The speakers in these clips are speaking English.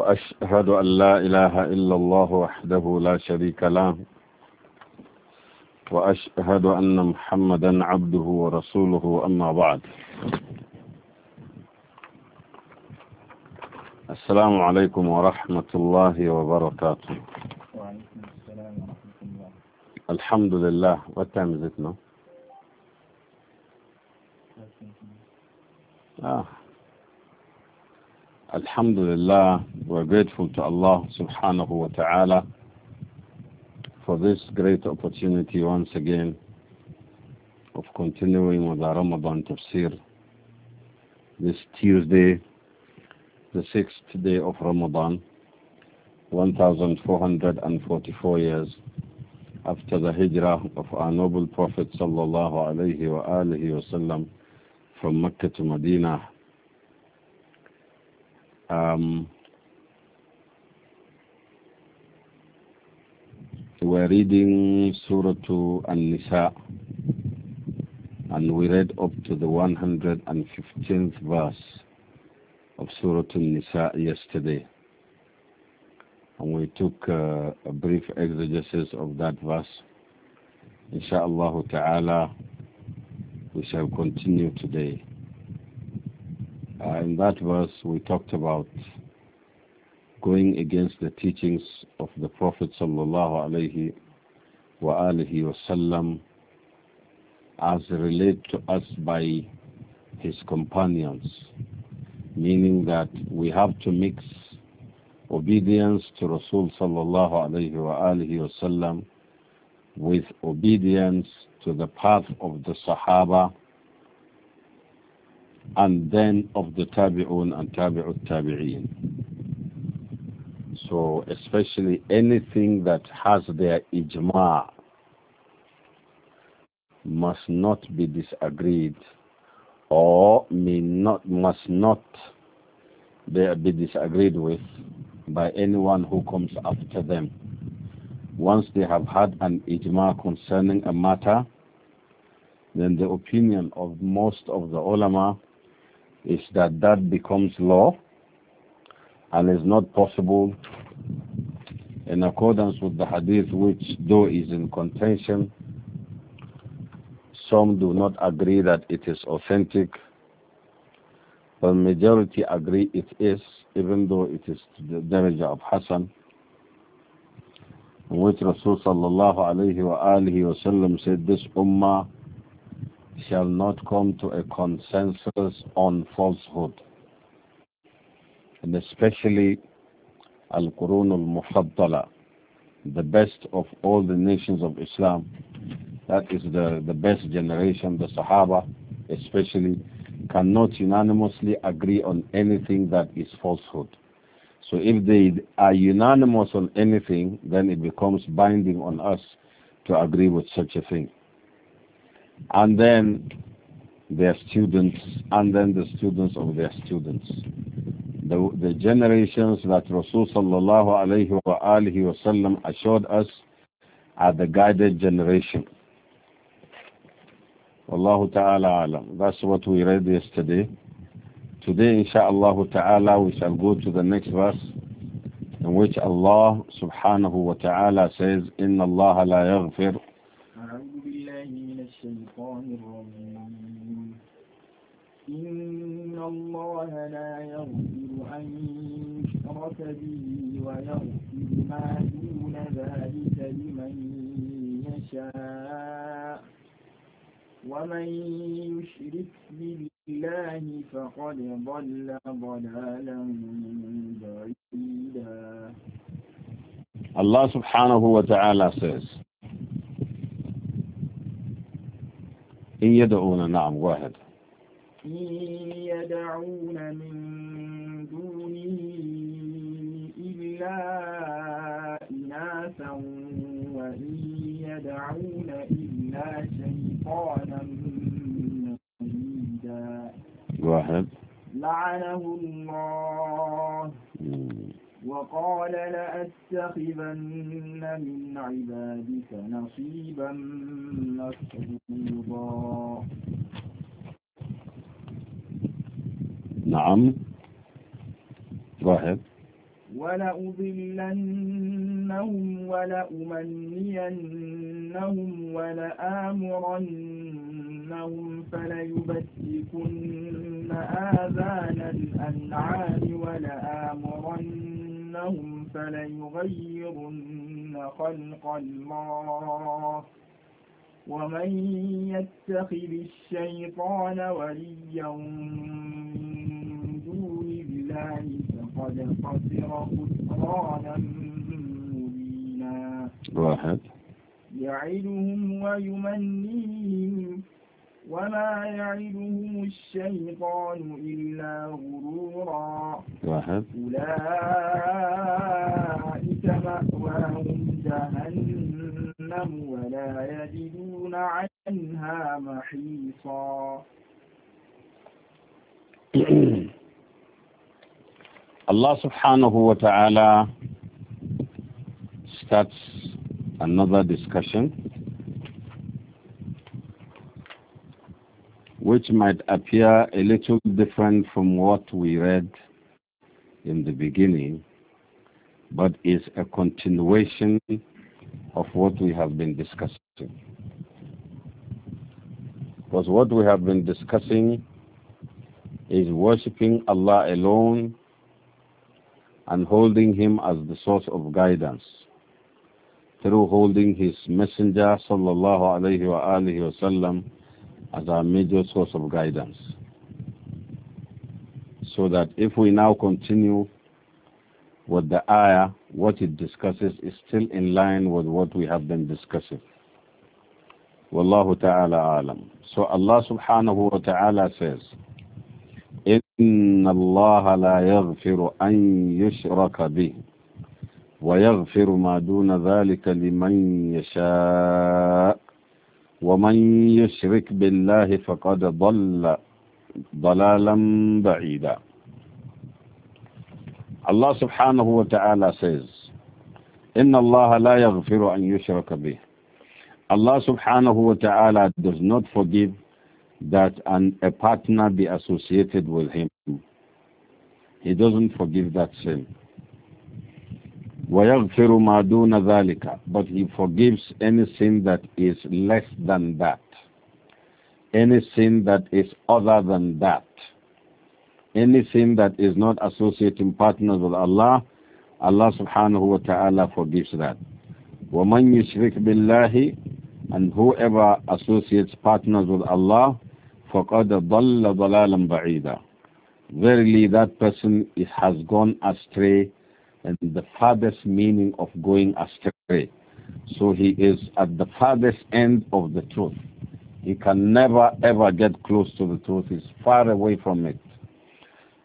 وأشهد أن لا إله إلا الله وحده لا شريك له وأشهد أن محمدا عبده ورسوله أما بعد السلام عليكم ورحمة الله وبركاته وعليكم السلام ورحمة الله الحمد لله what time Alhamdulillah, we're grateful to Allah subhanahu wa ta'ala for this great opportunity once again of continuing with our Ramadan tafsir this Tuesday, the sixth day of Ramadan, 1444 years after the hijrah of our noble Prophet sallallahu alayhi wa alihi wasallam from Mecca to Medina um, we're reading Surah An-Nisa and we read up to the 115th verse of Surah An-Nisa yesterday and we took uh, a brief exegesis of that verse. Insha'Allah ta'ala, we shall continue today that verse, we talked about going against the teachings of the Prophet sallallahu alaihi wasallam as related to us by his companions, meaning that we have to mix obedience to Rasul sallallahu alaihi wasallam with obedience to the path of the Sahaba and then of the tabi'un and tabi'ut tabi'in. So especially anything that has their ijma must not be disagreed or may not must not be disagreed with by anyone who comes after them. Once they have had an ijma concerning a matter, then the opinion of most of the ulama is that that becomes law and is not possible in accordance with the hadith which though is in contention some do not agree that it is authentic but majority agree it is even though it is the daraja of Hassan in which Rasul sallallahu alayhi wa alihi wa sallam said this ummah shall not come to a consensus on falsehood. And especially Al-Qurun al-Mufaddala, the best of all the nations of Islam. That is the, the best generation, the Sahaba especially, cannot unanimously agree on anything that is falsehood. So if they are unanimous on anything, then it becomes binding on us to agree with such a thing and then their students, and then the students of their students. The, the generations that Rasulullah sallallahu alayhi wa assured us are the guided generation. Wallahu ta'ala alam. That's what we read yesterday. Today, insha'Allah ta'ala, we shall go to the next verse in which Allah subhanahu wa ta'ala says, إِنَّ اللَّهَ لَا يَغْفِرُ إن الله لا يغفر أن يشرك به ويغفر ما دون ذلك لمن يشاء ومن يشرك بالله فقد ضل ضلالا بعيدا الله سبحانه وتعالى says إن يدعون نعم واحد يدعون من دونه إلا إناثا وإن يدعون إلا شيطانا مريدا واحد لعنه الله وقال لأتخذن من عبادك نصيبا مفروضا نعم ظاهر ولأضلنهم ولأمنينهم ولآمرنهم فليبتكن آذان الأنعام ولآمرنهم فليغيرن خلق الله ومن يتخذ الشيطان وليا من خسر خسرانا مبينا واحد يعدهم ويمنيهم وما يعدهم الشيطان إلا غرورا واحد أولئك مأواهم جهنم ولا يجدون عنها محيصا Allah subhanahu wa ta'ala starts another discussion which might appear a little different from what we read in the beginning but is a continuation of what we have been discussing because what we have been discussing is worshipping Allah alone and holding him as the source of guidance through holding his messenger sallallahu alaihi wasallam as our major source of guidance so that if we now continue with the ayah what it discusses is still in line with what we have been discussing wallahu ta'ala alam so allah subhanahu wa ta'ala says إن الله لا يغفر أن يشرك به ويغفر ما دون ذلك لمن يشاء ومن يشرك بالله فقد ضل ضلالا بعيدا الله سبحانه وتعالى says إن الله لا يغفر أن يشرك به الله سبحانه وتعالى does not forgive that an, a partner be associated with him. He doesn't forgive that sin. وَيَغْفِرُ مَا دُونَ ذَلِكَ But he forgives any sin that is less than that. Any sin that is other than that. Any sin that is not associating partners with Allah, Allah subhanahu wa ta'ala forgives that. وَمَنْ يُشْرِكْ بِاللَّهِ And whoever associates partners with Allah, فَقَدْ ضَلَّ ضَلَالًا بَعِيدًا Verily that person is, has gone astray and the farthest meaning of going astray. So he is at the farthest end of the truth. He can never ever get close to the truth. He's far away from it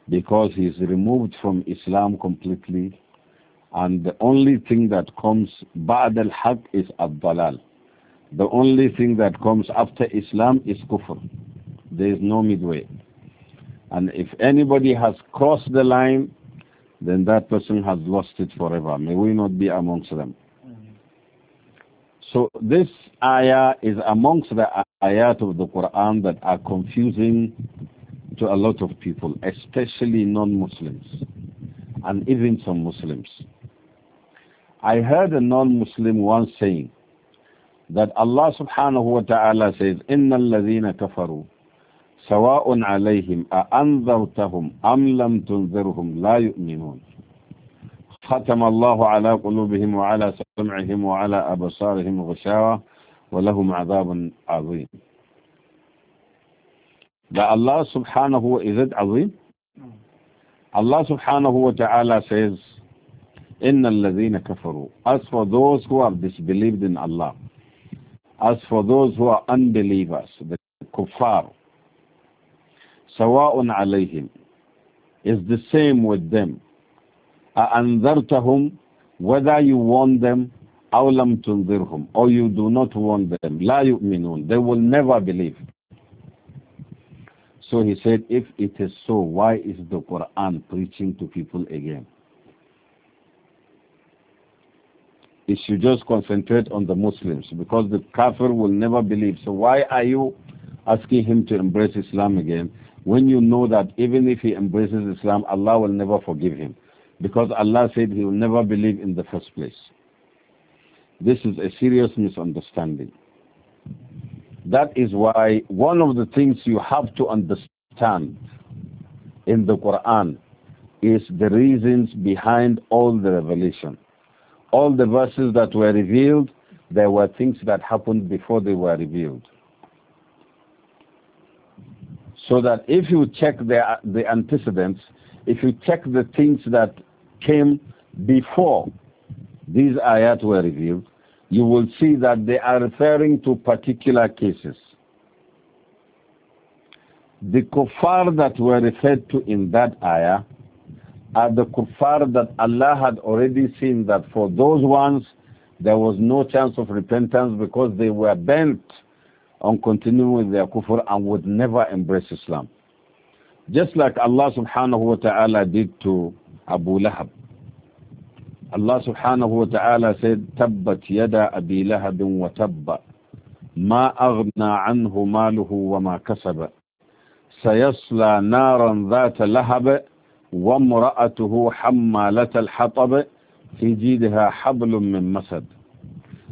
because he's removed from Islam completely. And the only thing that comes ba'd al-haq is abdalal. The only thing that comes after Islam is kufr. There is no midway. And if anybody has crossed the line, then that person has lost it forever. May we not be amongst them. So this ayah is amongst the ayat of the Quran that are confusing to a lot of people, especially non-Muslims and even some Muslims. I heard a non-Muslim once saying that Allah subhanahu wa ta'ala says, إِنَّ الَّذِينَ كَفَرُوا سواء عليهم أأنذرتهم أم لم تنذرهم لا يؤمنون ختم الله على قلوبهم وعلى سمعهم وعلى أبصارهم غشاوة ولهم عذاب عظيم ده الله سبحانه هو إذد عظيم الله سبحانه هو تعالى says إن الذين كفروا as for those who are disbelieved in Allah as for those who are unbelievers the kuffar Sawaun alayhim is the same with them anzartahum whether you warn them أو لم or you do not warn them la يؤمنون they will never believe so he said if it is so why is the Quran preaching to people again it should just concentrate on the Muslims because the kafir will never believe so why are you asking him to embrace Islam again when you know that even if he embraces Islam, Allah will never forgive him. Because Allah said he will never believe in the first place. This is a serious misunderstanding. That is why one of the things you have to understand in the Quran is the reasons behind all the revelation. All the verses that were revealed, there were things that happened before they were revealed. So that if you check the, the antecedents, if you check the things that came before these ayat were revealed, you will see that they are referring to particular cases. The kuffar that were referred to in that ayah are the kuffar that Allah had already seen that for those ones there was no chance of repentance because they were bent on continuing with their kufr and would never embrace Islam. Just like Allah subhanahu wa ta'ala did to Abu Lahab. Allah subhanahu wa ta'ala said, Tabbat yada abi lahabin وتب ما أغنى عنه ماله وما كسب سيصلى نارا ذات لهب وامرأته حمالة الحطب في جيدها حبل من مسد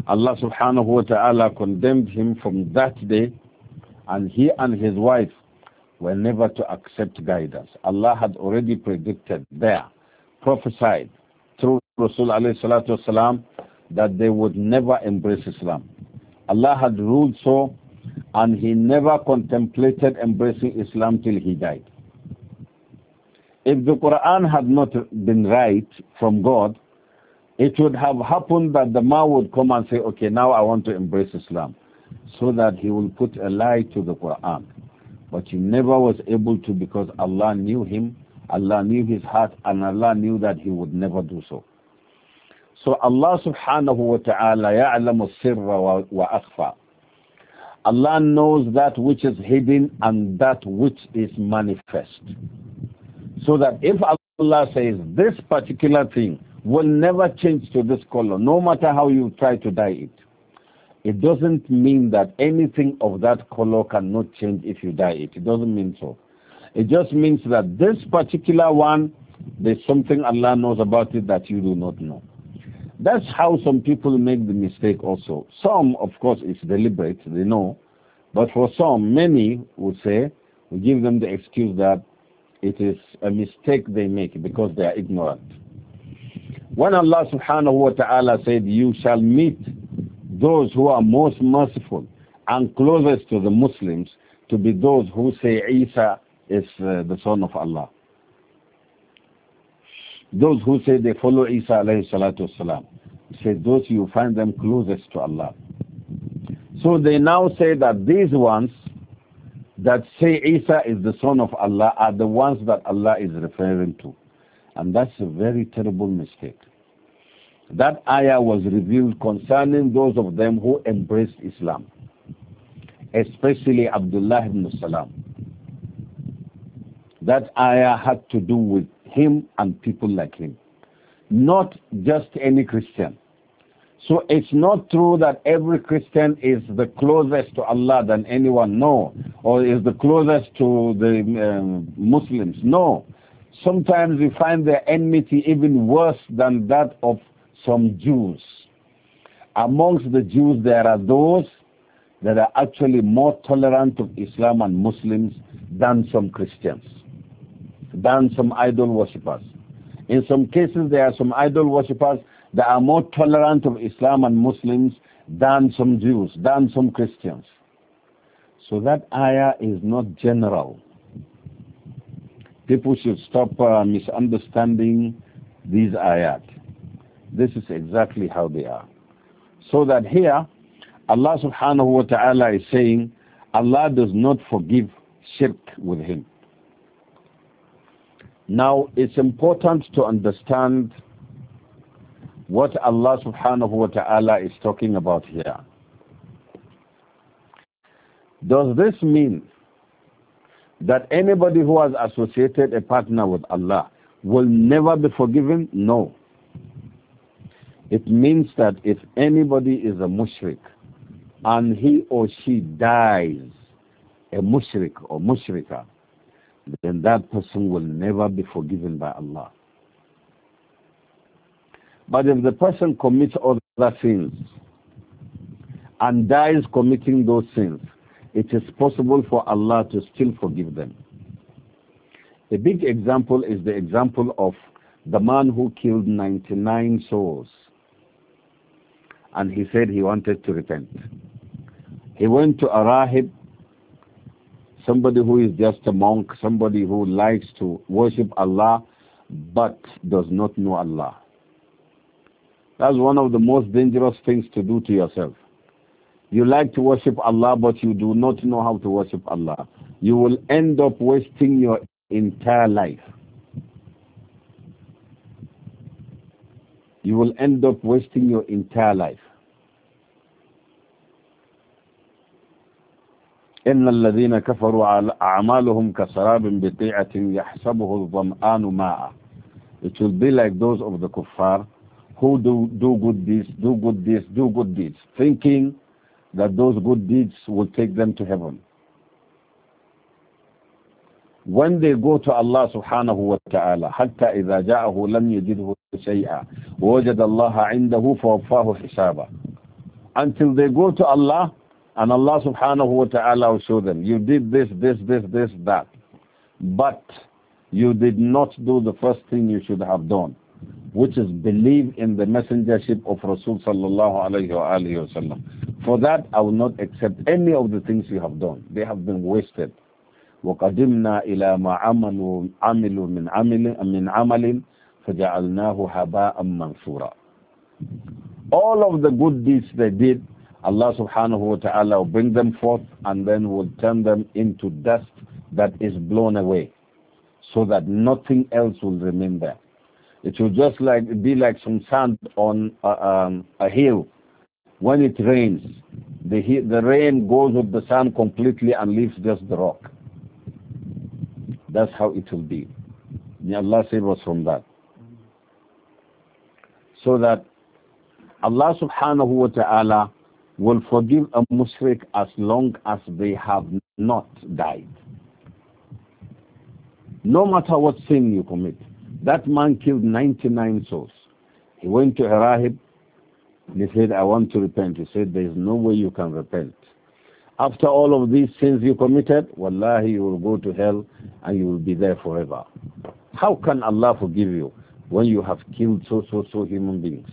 Allah subhanahu wa ta'ala condemned him from that day and he and his wife were never to accept guidance. Allah had already predicted there, prophesied through Rasul alayhi salatu wasalam, that they would never embrace Islam. Allah had ruled so and he never contemplated embracing Islam till he died. If the Quran had not been right from God, it would have happened that the man would come and say, okay, now I want to embrace Islam, so that he will put a lie to the Quran. But he never was able to because Allah knew him, Allah knew his heart, and Allah knew that he would never do so. So Allah subhanahu wa ta'ala ya'lamu sirra wa akhfa. Allah knows that which is hidden and that which is manifest. So that if Allah says this particular thing will never change to this color, no matter how you try to dye it. It doesn't mean that anything of that color cannot change if you dye it. It doesn't mean so. It just means that this particular one, there's something Allah knows about it that you do not know. That's how some people make the mistake also. Some, of course, it's deliberate, they know. But for some, many would say, we give them the excuse that it is a mistake they make because they are ignorant. When Allah subhanahu wa ta'ala said, you shall meet those who are most merciful and closest to the Muslims to be those who say Isa is uh, the son of Allah. Those who say they follow Isa alayhi salatu wasalam, say those you find them closest to Allah. So they now say that these ones that say Isa is the son of Allah are the ones that Allah is referring to. And that's a very terrible mistake. That ayah was revealed concerning those of them who embraced Islam, especially Abdullah ibn Salam. That ayah had to do with him and people like him, not just any Christian. So it's not true that every Christian is the closest to Allah than anyone, no, or is the closest to the um, Muslims, no. Sometimes we find their enmity even worse than that of some Jews. Amongst the Jews, there are those that are actually more tolerant of Islam and Muslims than some Christians, than some idol worshippers. In some cases, there are some idol worshippers that are more tolerant of Islam and Muslims than some Jews, than some Christians. So that ayah is not general. People should stop uh, misunderstanding these ayat. This is exactly how they are. So that here, Allah subhanahu wa ta'ala is saying, Allah does not forgive shirk with him. Now, it's important to understand what Allah subhanahu wa ta'ala is talking about here. Does this mean that anybody who has associated a partner with Allah will never be forgiven? No. It means that if anybody is a mushrik and he or she dies a mushrik or mushrika, then that person will never be forgiven by Allah. But if the person commits other sins and dies committing those sins, it is possible for Allah to still forgive them. A big example is the example of the man who killed 99 souls and he said he wanted to repent. He went to a rahib, somebody who is just a monk, somebody who likes to worship Allah but does not know Allah. That's one of the most dangerous things to do to yourself. You like to worship Allah, but you do not know how to worship Allah. You will end up wasting your entire life. You will end up wasting your entire life. إن الذين كفروا أعمالهم كسراب بقيعة يحسبه الظمآن ماء It will be like those of the kuffar who do, do good deeds, do good deeds, do good deeds, thinking that those good deeds will take them to heaven. When they go to Allah subhanahu wa ta'ala, حتى إذا جاءه لم يجده شيئا ووجد الله عنده فوفاه حسابا Until they go to Allah, and Allah subhanahu wa ta'ala will show them, you did this, this, this, this, that. But you did not do the first thing you should have done which is believe in the messengership of Rasul sallallahu alayhi wa alayhi wa sallam. For that, I will not accept any of the things you have done. They have been wasted. وَقَدِمْنَا إِلَى مَا عَمَلُوا عَمِلُوا مِنْ عَمِلٍ مِنْ عَمَلٍ فَجَعَلْنَاهُ هَبَاءً مَنْثُورًا All of the good deeds they did, Allah subhanahu wa ta'ala will bring them forth and then will turn them into dust that is blown away so that nothing else will remain there. It will just like be like some sand on a, um, a hill. When it rains, the, the rain goes with the sand completely and leaves just the rock. That's how it will be. May Allah save us from that. So that Allah subhanahu wa ta'ala will forgive a mushrik as long as they have not died. No matter what sin you commit. That man killed 99 souls. He went to a rahib and he said, I want to repent. He said, there is no way you can repent. After all of these sins you committed, wallahi, you will go to hell and you will be there forever. How can Allah forgive you when you have killed so, so, so human beings?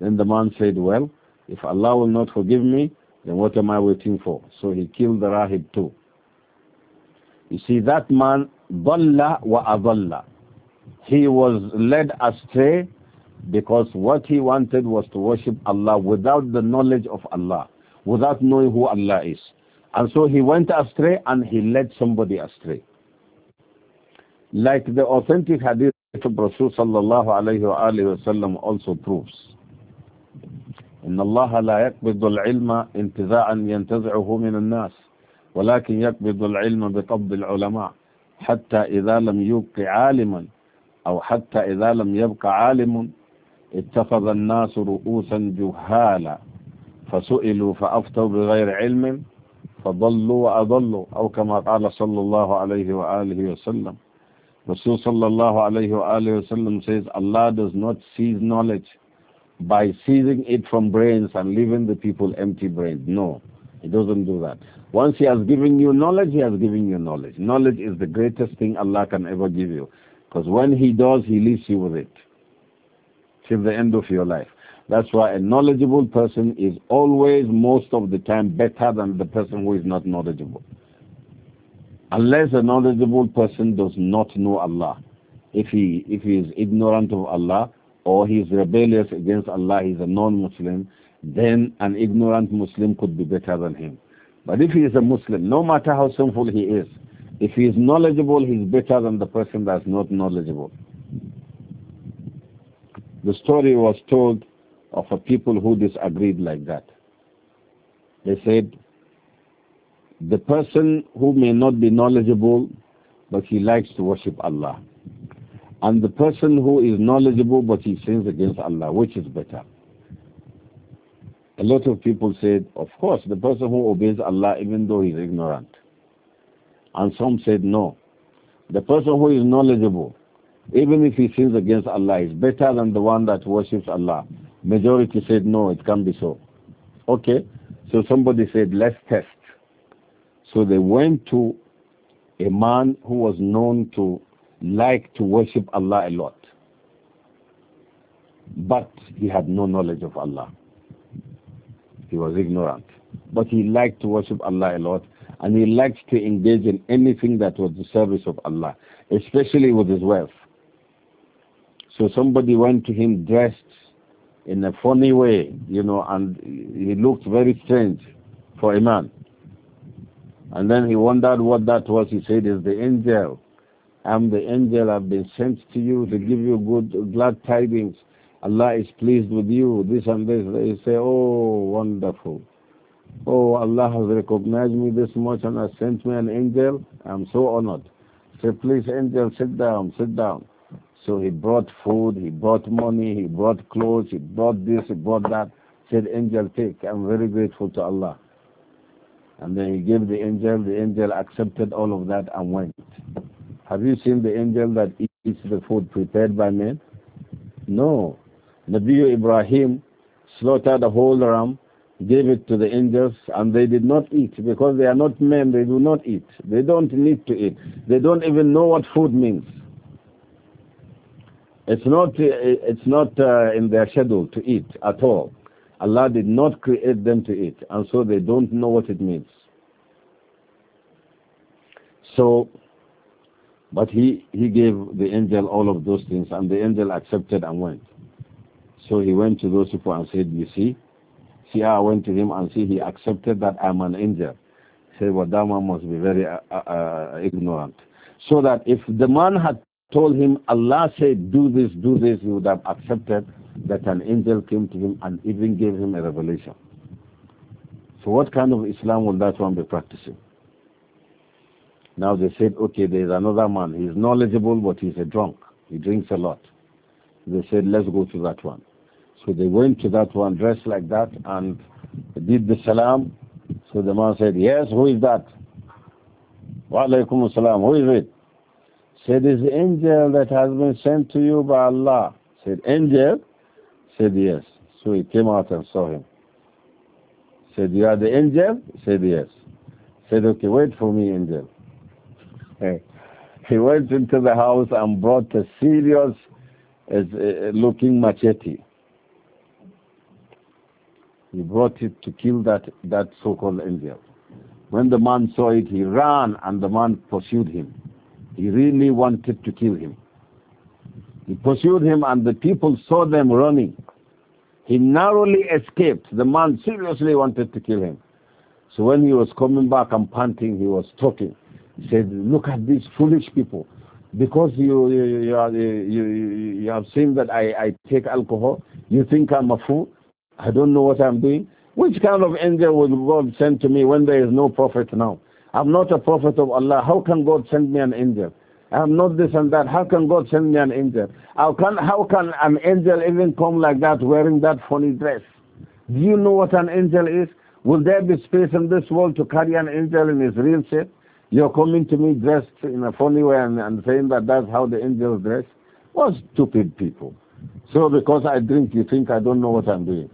Then the man said, well, if Allah will not forgive me, then what am I waiting for? So he killed the rahib too. You see, that man, Dalla wa adalla. He was led astray because what he wanted was to worship Allah without the knowledge of Allah, without knowing who Allah is. And so he went astray and he led somebody astray. Like the authentic hadith of Rasul sallallahu alayhi wa also proves. إن الله لا يقبض العلم انتزاعا ينتزعه من الناس ولكن يقبض العلم بقبض العلماء حتى إذا لم يبق عالما أو حتى إذا لم يبق عالم اتخذ الناس رؤوسا جهالا فسئلوا فأفتوا بغير علم فضلوا وأضلوا أو كما قال صلى الله عليه وآله وسلم رسول صلى الله عليه وآله وسلم says, Allah does not seize knowledge by seizing it from brains and leaving the people empty brains. No. He doesn't do that. Once He has given you knowledge, He has given you knowledge. Knowledge is the greatest thing Allah can ever give you. Because when He does, He leaves you with it till the end of your life. That's why a knowledgeable person is always, most of the time, better than the person who is not knowledgeable. Unless a knowledgeable person does not know Allah. If he, if he is ignorant of Allah or he is rebellious against Allah, he is a non-Muslim, then an ignorant Muslim could be better than him. But if he is a Muslim, no matter how sinful he is, if he is knowledgeable, he is better than the person that's not knowledgeable. The story was told of a people who disagreed like that. They said, the person who may not be knowledgeable, but he likes to worship Allah. And the person who is knowledgeable, but he sins against Allah, which is better? A lot of people said, of course, the person who obeys Allah even though he's ignorant. And some said, no. The person who is knowledgeable, even if he sins against Allah, is better than the one that worships Allah. Majority said, no, it can't be so. Okay, so somebody said, let's test. So they went to a man who was known to like to worship Allah a lot. But he had no knowledge of Allah. He was ignorant. But he liked to worship Allah a lot and he liked to engage in anything that was the service of Allah, especially with his wealth. So somebody went to him dressed in a funny way, you know, and he looked very strange for a man. And then he wondered what that was. He said, It's the angel. I'm the angel. I've been sent to you to give you good, glad tidings Allah is pleased with you, this and this. They say, oh, wonderful. Oh, Allah has recognized me this much and has sent me an angel. I'm so honored. Say, please, angel, sit down, sit down. So he brought food, he brought money, he brought clothes, he brought this, he brought that. Said, angel, take. I'm very grateful to Allah. And then he gave the angel, the angel accepted all of that and went. Have you seen the angel that eats the food prepared by men? No. Nabi Ibrahim slaughtered a whole ram, gave it to the angels, and they did not eat because they are not men, they do not eat. They don't need to eat. They don't even know what food means. It's not, it's not uh, in their schedule to eat at all. Allah did not create them to eat, and so they don't know what it means. So, but he, he gave the angel all of those things, and the angel accepted and went. So he went to those people and said, you see, see I went to him and see he accepted that I'm an angel. He said, well, that man must be very uh, uh, uh, ignorant. So that if the man had told him, Allah said, do this, do this, he would have accepted that an angel came to him and even gave him a revelation. So what kind of Islam will that one be practicing? Now they said, okay, there is another man. He's knowledgeable, but he's a drunk. He drinks a lot. They said, let's go to that one. So they went to that one dressed like that and did the salam. So the man said, yes, who is that? Wa alaykum salam, who is it? Said, is the angel that has been sent to you by Allah. Said, angel? Said, yes. So he came out and saw him. Said, you are the angel? Said, yes. Said, okay, wait for me, angel. He went into the house and brought a serious uh, looking machete. He brought it to kill that, that so-called angel. When the man saw it, he ran and the man pursued him. He really wanted to kill him. He pursued him and the people saw them running. He narrowly escaped. The man seriously wanted to kill him. So when he was coming back and panting, he was talking. He said, look at these foolish people. Because you, you, you, you, you have seen that I, I take alcohol, you think I'm a fool? I don't know what I'm doing. Which kind of angel will God send to me when there is no prophet now? I'm not a prophet of Allah. How can God send me an angel? I'm not this and that. How can God send me an angel? How can, how can an angel even come like that wearing that funny dress? Do you know what an angel is? Will there be space in this world to carry an angel in his real shape? You're coming to me dressed in a funny way and, and saying that that's how the angels dress? What stupid people. So because I drink, you think I don't know what I'm doing.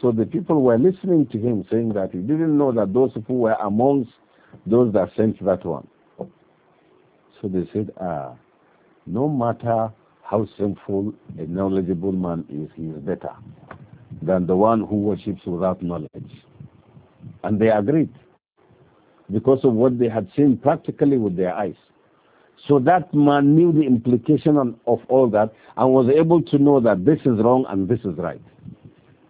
So the people were listening to him, saying that he didn't know that those who were amongst those that sent that one. So they said, ah, no matter how sinful a knowledgeable man is, he is better than the one who worships without knowledge. And they agreed because of what they had seen practically with their eyes. So that man knew the implication of all that and was able to know that this is wrong and this is right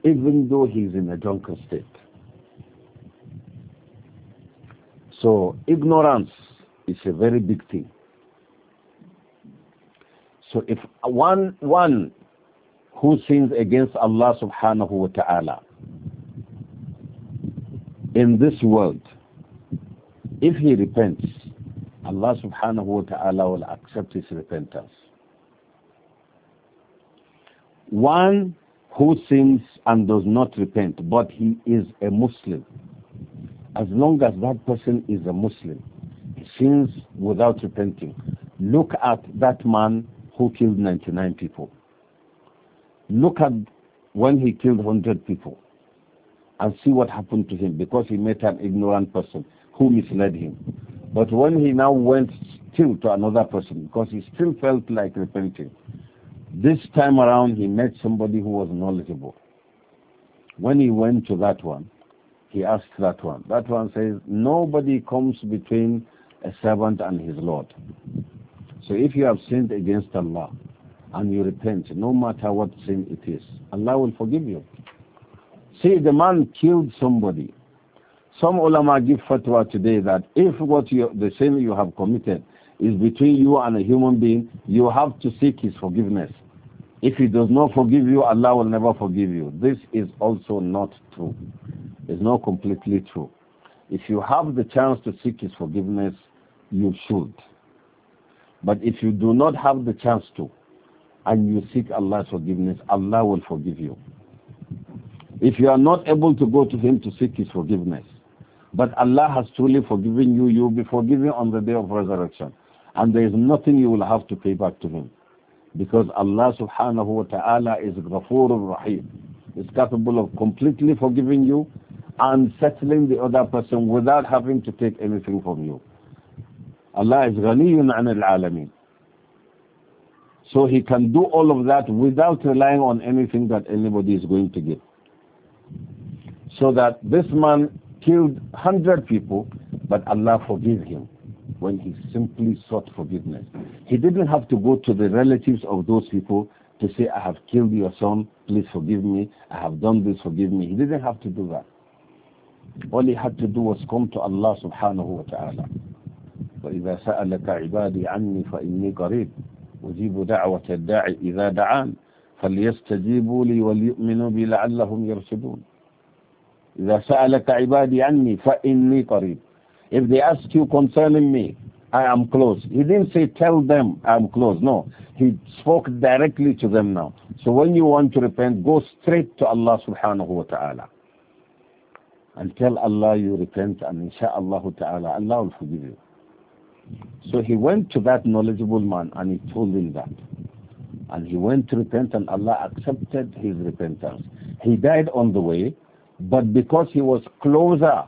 even though he's in a drunken state. So ignorance is a very big thing. So if one one who sins against Allah subhanahu wa ta'ala in this world, if he repents, Allah subhanahu wa ta'ala will accept his repentance. One who sins and does not repent, but he is a Muslim. As long as that person is a Muslim, he sins without repenting. Look at that man who killed 99 people. Look at when he killed 100 people and see what happened to him because he met an ignorant person who misled him. But when he now went still to another person because he still felt like repenting, this time around, he met somebody who was knowledgeable. When he went to that one, he asked that one. That one says, Nobody comes between a servant and his Lord. So if you have sinned against Allah and you repent, no matter what sin it is, Allah will forgive you. See, the man killed somebody. Some ulama give fatwa today that if what you, the sin you have committed is between you and a human being, you have to seek his forgiveness. If He does not forgive you, Allah will never forgive you. This is also not true. It's not completely true. If you have the chance to seek His forgiveness, you should. But if you do not have the chance to, and you seek Allah's forgiveness, Allah will forgive you. If you are not able to go to Him to seek His forgiveness, but Allah has truly forgiven you, you will be forgiven on the day of resurrection. And there is nothing you will have to pay back to Him. Because Allah subhanahu wa ta'ala is Ghafoor Rahim. Is capable of completely forgiving you and settling the other person without having to take anything from you. Allah is ghaniyun an al-alamin. So he can do all of that without relying on anything that anybody is going to give. So that this man killed 100 people, but Allah forgive him. when he simply sought forgiveness. He didn't have to go to the relatives of those people to say, I have killed your son, please forgive me, I have done this, forgive me. He didn't have to do that. All he had to do was come to Allah subhanahu wa ta'ala. فَإِذَا سألك عبادي عني فإني قريب أجيب دعوة الدَّاعِ إذا دعان فليستجيبوا لي وليؤمنوا بي لعلهم يرشدون إذا سألك عبادي عني فإني قريب If they ask you concerning me, I am close. He didn't say, tell them I'm close. No, he spoke directly to them now. So when you want to repent, go straight to Allah subhanahu wa ta'ala. And tell Allah you repent and insha'Allah ta'ala, Allah will forgive you. So he went to that knowledgeable man and he told him that. And he went to repent and Allah accepted his repentance. He died on the way, but because he was closer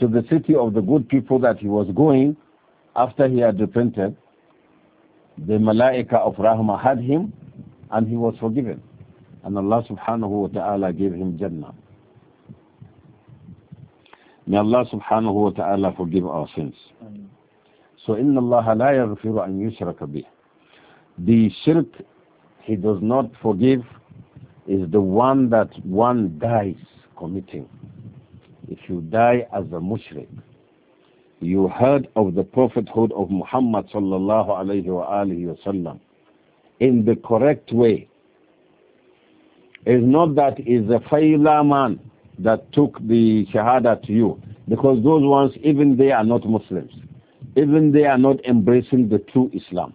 to the city of the good people that he was going after he had repented, the Malaika of Rahmah had him and he was forgiven. And Allah subhanahu wa ta'ala gave him Jannah. May Allah subhanahu wa ta'ala forgive our sins. So, inna Allah la yaghfiru an yushraka bih. The shirk he does not forgive is the one that one dies committing if you die as a mushrik, you heard of the prophethood of Muhammad sallallahu alayhi wa alihi in the correct way. It's not that it's a Fayla man that took the Shahada to you, because those ones, even they are not Muslims. Even they are not embracing the true Islam.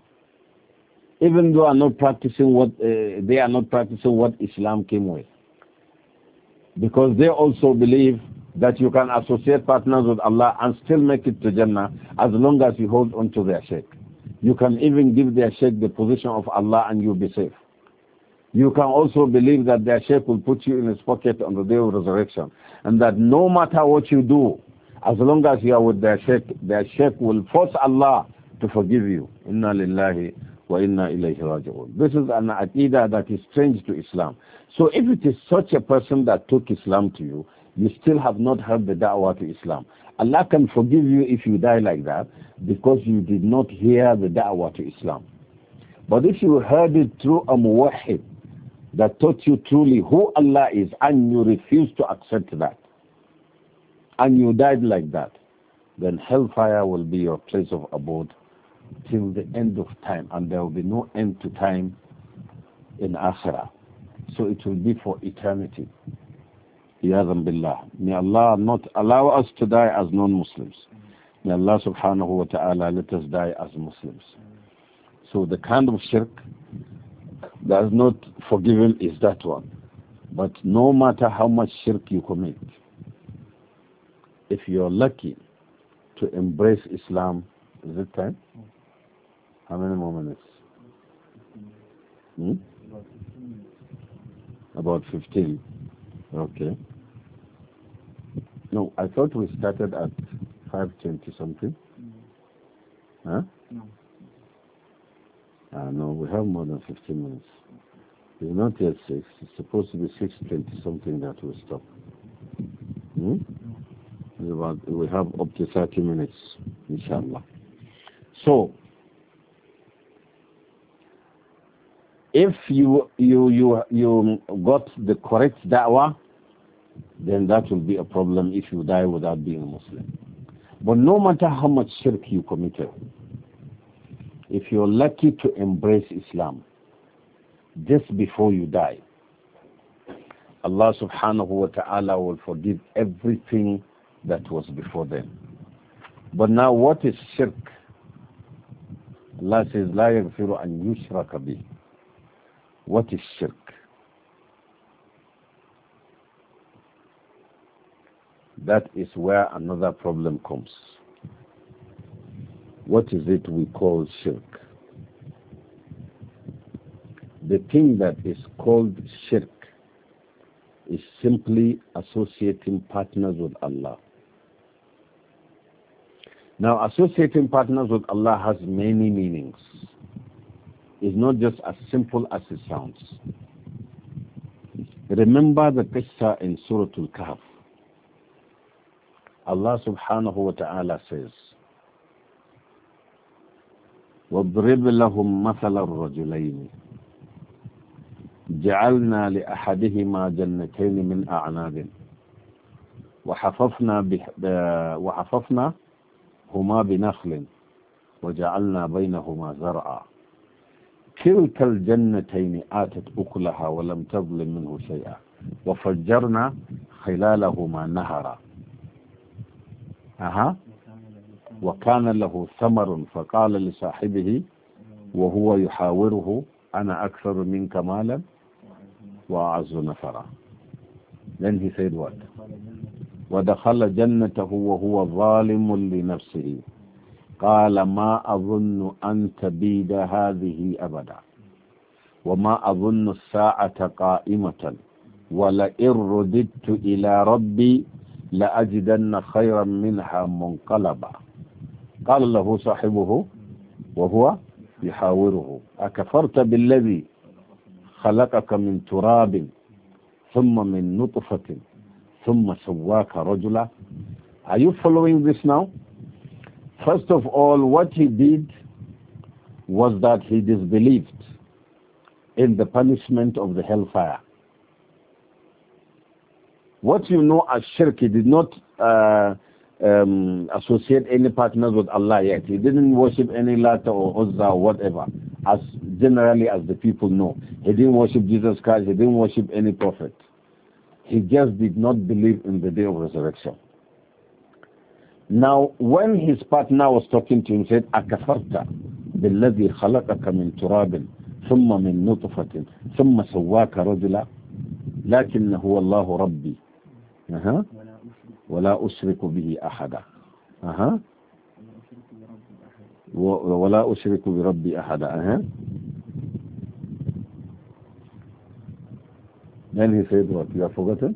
Even though are not practicing what uh, they are not practicing what Islam came with, because they also believe that you can associate partners with Allah and still make it to Jannah as long as you hold on to their sheikh. You can even give their sheikh the position of Allah and you'll be safe. You can also believe that their sheikh will put you in his pocket on the day of resurrection and that no matter what you do, as long as you are with their sheikh, their sheikh will force Allah to forgive you. Inna lillahi wa inna ilayhi raji'un. This is an aqidah that is strange to Islam. So if it is such a person that took Islam to you, you still have not heard the da'wah to Islam. Allah can forgive you if you die like that because you did not hear the da'wah to Islam. But if you heard it through a muwahid that taught you truly who Allah is and you refuse to accept that and you died like that, then hellfire will be your place of abode till the end of time and there will be no end to time in Akhirah. So it will be for eternity. May Allah not allow us to die as non-Muslims. May Allah subhanahu wa ta'ala let us die as Muslims. So the kind of shirk that is not forgiven is that one. But no matter how much shirk you commit, if you're lucky to embrace Islam, is it time? How many more minutes? Hmm? About 15. Okay. No, I thought we started at 5.20 something. No. Mm. Huh? No. Uh, no, we have more than 15 minutes. It's not yet 6. It's supposed to be 6.20 something that will stop. Hmm? No. About, we have up to 30 minutes, inshallah. So, if you, you, you, you got the correct da'wah, then that will be a problem if you die without being a Muslim. But no matter how much shirk you committed, if you're lucky to embrace Islam just before you die, Allah subhanahu wa ta'ala will forgive everything that was before them. But now what is shirk? Allah says, لا يغفر أن يشرك به. What is shirk? that is where another problem comes. What is it we call shirk? The thing that is called shirk is simply associating partners with Allah. Now, associating partners with Allah has many meanings. It's not just as simple as it sounds. Remember the qissa in Surah Al-Kahf. Allah subhanahu wa ta'ala says, واضرب لهم مثل الرجلين جعلنا لأحدهما جنتين من أعناب وحففنا بح... وحففنا هما بنخل وجعلنا بينهما زرعا كلتا الجنتين آتت أكلها ولم تظلم منه شيئا وفجرنا خلالهما نهرا أها وكان له ثمر فقال لصاحبه وهو يحاوره أنا أكثر منك مالا وأعز نفرا لأنه he said ودخل جنته وهو ظالم لنفسه قال ما أظن أن تبيد هذه أبدا وما أظن الساعة قائمة ولئن رددت إلى ربي لأجدن خيرا منها منقلبا قال له صاحبه وهو يحاوره أكفرت بالذي خلقك من تراب ثم من نطفة ثم سواك رجلا Are you following this now? First of all, what he did was that he disbelieved in the punishment of the hellfire. What you know as shirk, he did not uh, um, associate any partners with Allah yet. He didn't worship any Lata or Uzza or whatever, as generally as the people know. He didn't worship Jesus Christ. He didn't worship any prophet. He just did not believe in the day of resurrection. Now, when his partner was talking to him, said, "Akafarta بالذي خلقك من تراب ثم من نطفة ثم سواك رجلا لكن هو الله ربي أها ولا أشرك به أحدا أها ولا أشرك بربي أحدا أها هي سيد يا فوقتن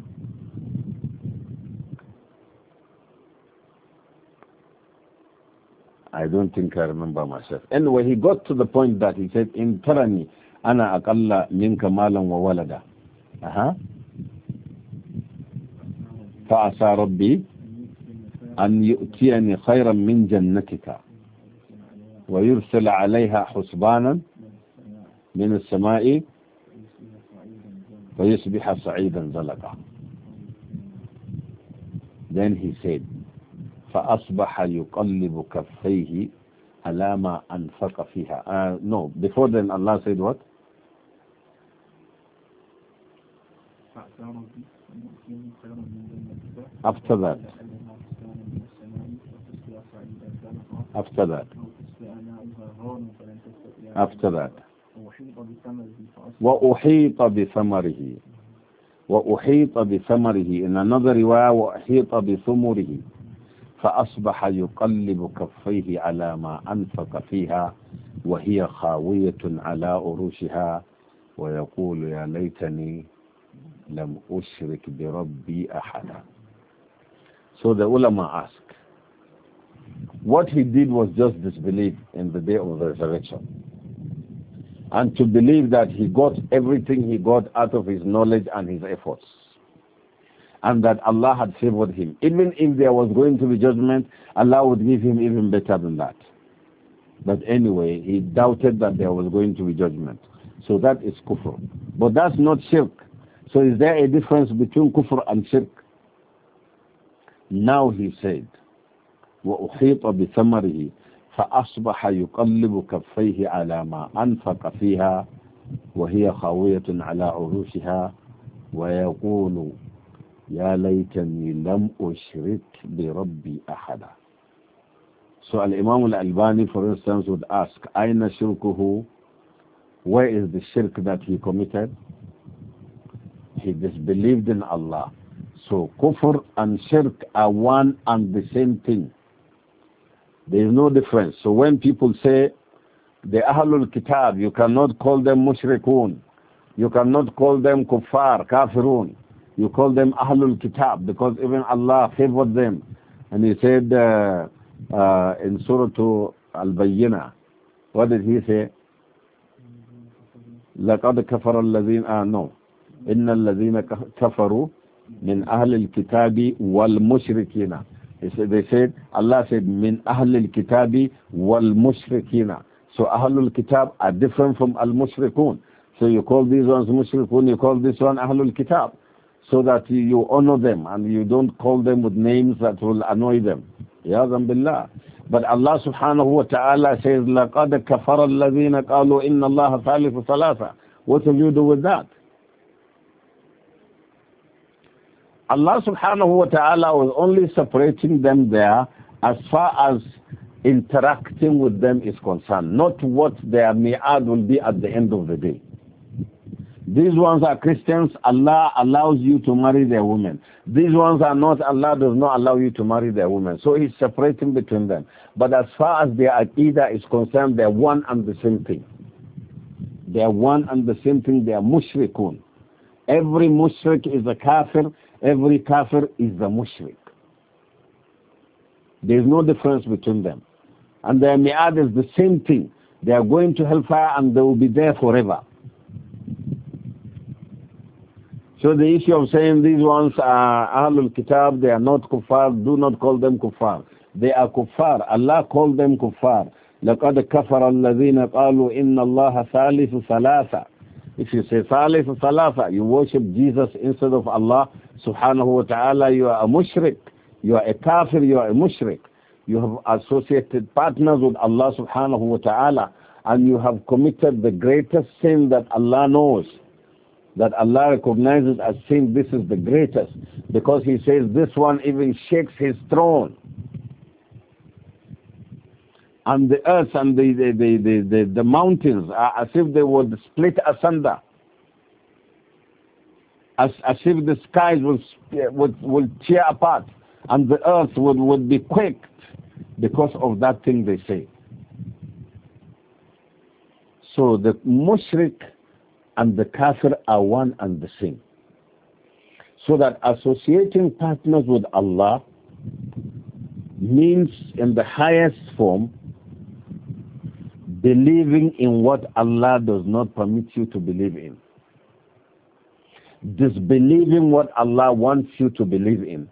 I don't think I remember myself. Anyway, he got to the point that he said, In tarani, ana akalla minka Malam Wawalada. Uh-huh. فعسى ربي أن يؤتيني خيرا من جنتك ويرسل عليها حسبانا من السماء فيصبح صعيدا زلقا Then he said فأصبح يقلب كفيه على ما أنفق فيها uh, No, before then Allah said what? فأسى ربي أن يؤتيني خيرا من جنتك الثبات الثبات الثبات وأحيط بثمره وأحيط بثمره إن نظر وأحيط بثمره فأصبح يقلب كفيه على ما أنفق فيها وهي خاوية على عروشها ويقول يا ليتني لم أشرك بربي أحدا So the ulama ask, what he did was just disbelief in the day of the resurrection. And to believe that he got everything he got out of his knowledge and his efforts. And that Allah had favored him. Even if there was going to be judgment, Allah would give him even better than that. But anyway, he doubted that there was going to be judgment. So that is kufr. But that's not shirk. So is there a difference between kufr and shirk? Now he said, وأحيط بثمره فأصبح يقلب كفيه على ما أنفق فيها وهي خاوية على عروشها ويقول يا ليتني لم أشرك بربي أحدا So Al-Imam Al-Albani for instance would ask أين شركه Where is the shirk that he committed? He disbelieved in Allah So kufr and shirk are one and the same thing. There is no difference. So when people say the Ahlul Kitab, you cannot call them mushrikun. You cannot call them kuffar, kafirun. You call them Ahlul Kitab because even Allah favored them. And he said uh, uh, in Surah Al-Bayyinah, what did he say? لقد كفر الذين آه no إن الذين كفروا من اهل الكتاب والمشركين they said Allah said من أهل الكتاب والمشركين so أهل الكتاب are different from المشركون so you call these ones مشركون, you call this one أهل الكتاب so that you, honor them and you don't call them with names that will annoy them ذنب بالله but Allah subhanahu wa ta'ala says لَقَدْ كَفَرَ الَّذِينَ قَالُوا إِنَّ اللَّهَ ثَالِثُ ثَلَاثَةً what will you do with that Allah subhanahu wa ta'ala was only separating them there as far as interacting with them is concerned, not what their mi'ad will be at the end of the day. These ones are Christians, Allah allows you to marry their women. These ones are not, Allah does not allow you to marry their women. So He's separating between them. But as far as their aqidah is concerned, they're one and the same thing. They're one and the same thing, they're mushrikun. Every mushrik is a kafir, every kafir is a mushrik. There is no difference between them. And the mi'ad is the same thing. They are going to hellfire and they will be there forever. So the issue of saying these ones are Ahlul Kitab, they are not kuffar, do not call them kuffar. They are kuffar. Allah called them kuffar. لقد كفر الذين قالوا إن الله ثالث ثلاثة if you say Salif Salafa, you worship Jesus instead of Allah subhanahu wa ta'ala, you are a mushrik. You are a kafir, you are a mushrik. You have associated partners with Allah subhanahu wa ta'ala and you have committed the greatest sin that Allah knows. That Allah recognizes as sin, this is the greatest. Because He says this one even shakes His throne and the earth and the, the, the, the, the mountains are as if they would split asunder. As, as if the skies would, would, would tear apart and the earth would, would be quaked because of that thing they say. So the mushrik and the kafir are one and the same. So that associating partners with Allah means in the highest form believing in what Allah does not permit you to believe in, disbelieving what Allah wants you to believe in.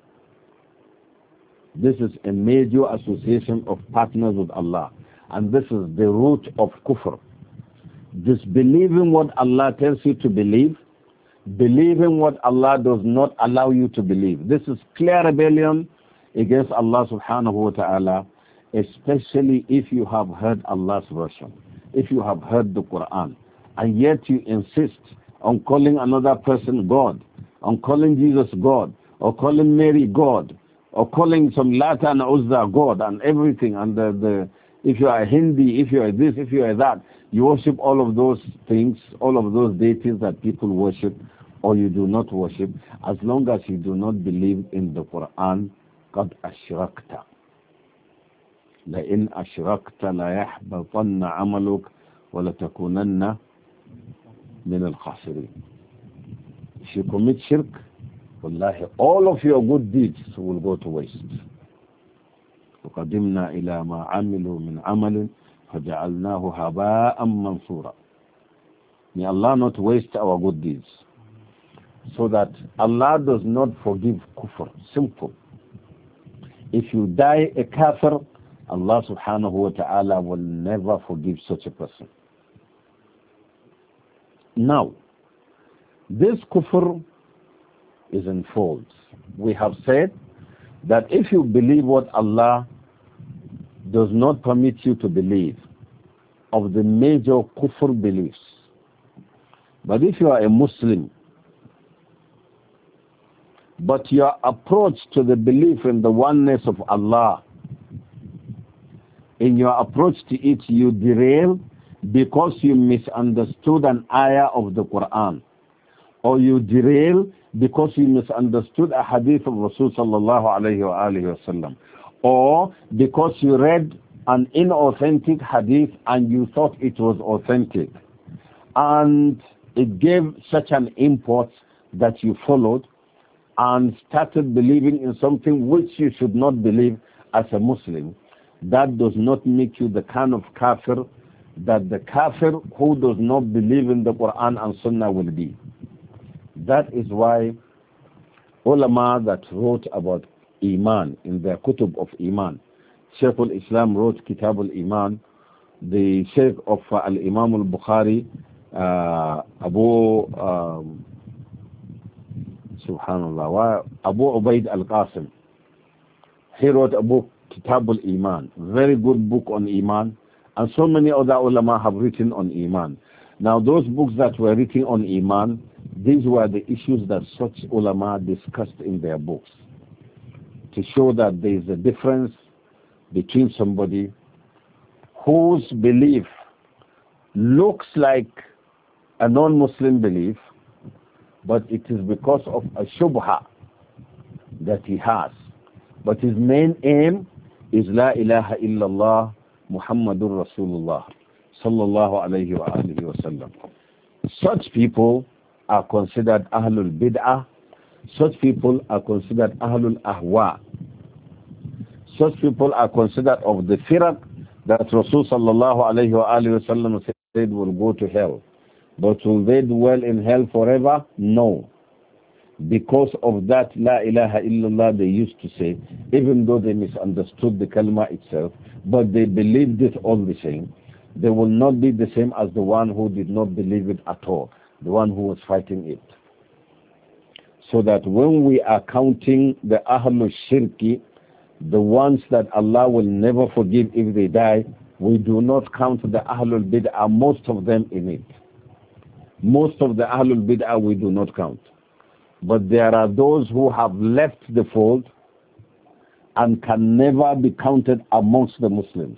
This is a major association of partners with Allah, and this is the root of kufr. Disbelieving what Allah tells you to believe, believing what Allah does not allow you to believe. This is clear rebellion against Allah subhanahu wa ta'ala especially if you have heard Allah's version, if you have heard the Quran, and yet you insist on calling another person God, on calling Jesus God, or calling Mary God, or calling some Latin Uzza God, and everything, and the, the, if you are Hindi, if you are this, if you are that, you worship all of those things, all of those deities that people worship, or you do not worship, as long as you do not believe in the Quran, God ashrakta. لئن أشركت ليحبطن عملك ولتكونن من الخاسرين If you commit shirk, والله all of your good deeds will go to waste. وقدمنا إلى ما عملوا من عمل فجعلناه هباء منصورا. May Allah not waste our good deeds. So that Allah does not forgive kufr. Simple. If you die a kafir, Allah subhanahu wa ta'ala will never forgive such a person. Now, this kufr is in folds. We have said that if you believe what Allah does not permit you to believe of the major kufr beliefs, but if you are a Muslim, but your approach to the belief in the oneness of Allah in your approach to it you derail because you misunderstood an ayah of the Quran or you derail because you misunderstood a hadith of Rasul sallallahu alayhi or because you read an inauthentic hadith and you thought it was authentic and it gave such an import that you followed and started believing in something which you should not believe as a Muslim that does not make you the kind of kafir that the kafir who does not believe in the Quran and Sunnah will be. That is why ulama that wrote about Iman in their Kutub of Iman, Shaykh al-Islam wrote Kitab al-Iman, the Shaykh of uh, al-Imam al-Bukhari, uh, Abu, um, subhanallah, Abu Ubaid al-Qasim, he wrote a book Kitabul Iman, very good book on Iman, and so many other ulama have written on Iman. Now, those books that were written on Iman, these were the issues that such ulama discussed in their books to show that there is a difference between somebody whose belief looks like a non-Muslim belief, but it is because of a shubha that he has. But his main aim is La ilaha illallah Muhammadur Rasulullah sallallahu alayhi wa alihi wa sallam. Such people are considered Ahlul Bid'ah. Such people are considered Ahlul Ahwa. Such people are considered of the firaq that Rasul sallallahu alayhi wa alihi wa sallam said will go to hell. But will they dwell in hell forever? No because of that La ilaha illallah they used to say, even though they misunderstood the kalma itself, but they believed it all the same, they will not be the same as the one who did not believe it at all, the one who was fighting it. So that when we are counting the Ahlul Shirki, the ones that Allah will never forgive if they die, we do not count the Ahlul Bid'ah, most of them in it. Most of the Ahlul Bid'ah we do not count. But there are those who have left the fold and can never be counted amongst the Muslims.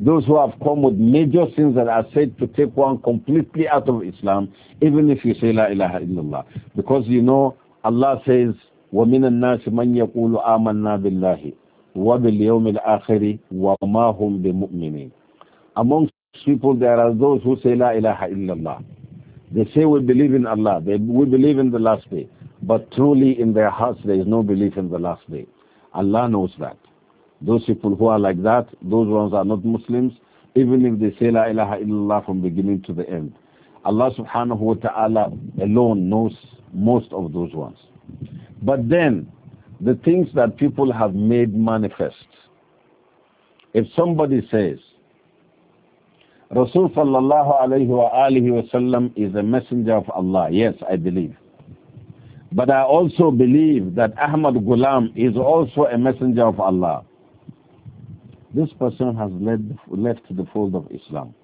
Those who have come with major sins that are said to take one completely out of Islam, even if you say La ilaha illallah. Because you know, Allah says, وَمِنَ النَّاسِ مَنْ يَقُولُ آمَنَّا بِاللَّهِ وَبِالْيَوْمِ الْآخِرِ وَمَا هُمْ بِمُؤْمِنِينَ Amongst people there are those who say La ilaha illallah. They say we believe in Allah, they, we believe in the last day, but truly in their hearts there is no belief in the last day. Allah knows that. Those people who are like that, those ones are not Muslims, even if they say La ilaha illallah from beginning to the end. Allah subhanahu wa ta'ala alone knows most of those ones. But then, the things that people have made manifest. If somebody says, Rasul sallallahu alayhi wa alihi is a messenger of Allah. Yes, I believe. But I also believe that Ahmad Ghulam is also a messenger of Allah. This person has led, left the fold of Islam.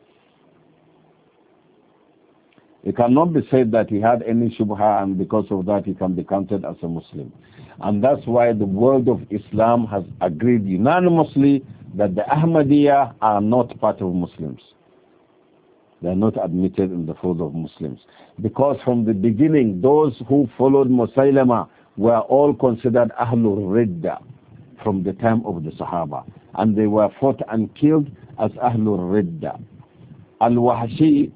It cannot be said that he had any shubha and because of that he can be counted as a Muslim. And that's why the world of Islam has agreed unanimously that the Ahmadiyya are not part of Muslims. They are not admitted in the fold of Muslims. Because from the beginning, those who followed Musaylama were all considered Ahlul Ridda from the time of the Sahaba. And they were fought and killed as Ahlul Ridda. Al-Wahshi,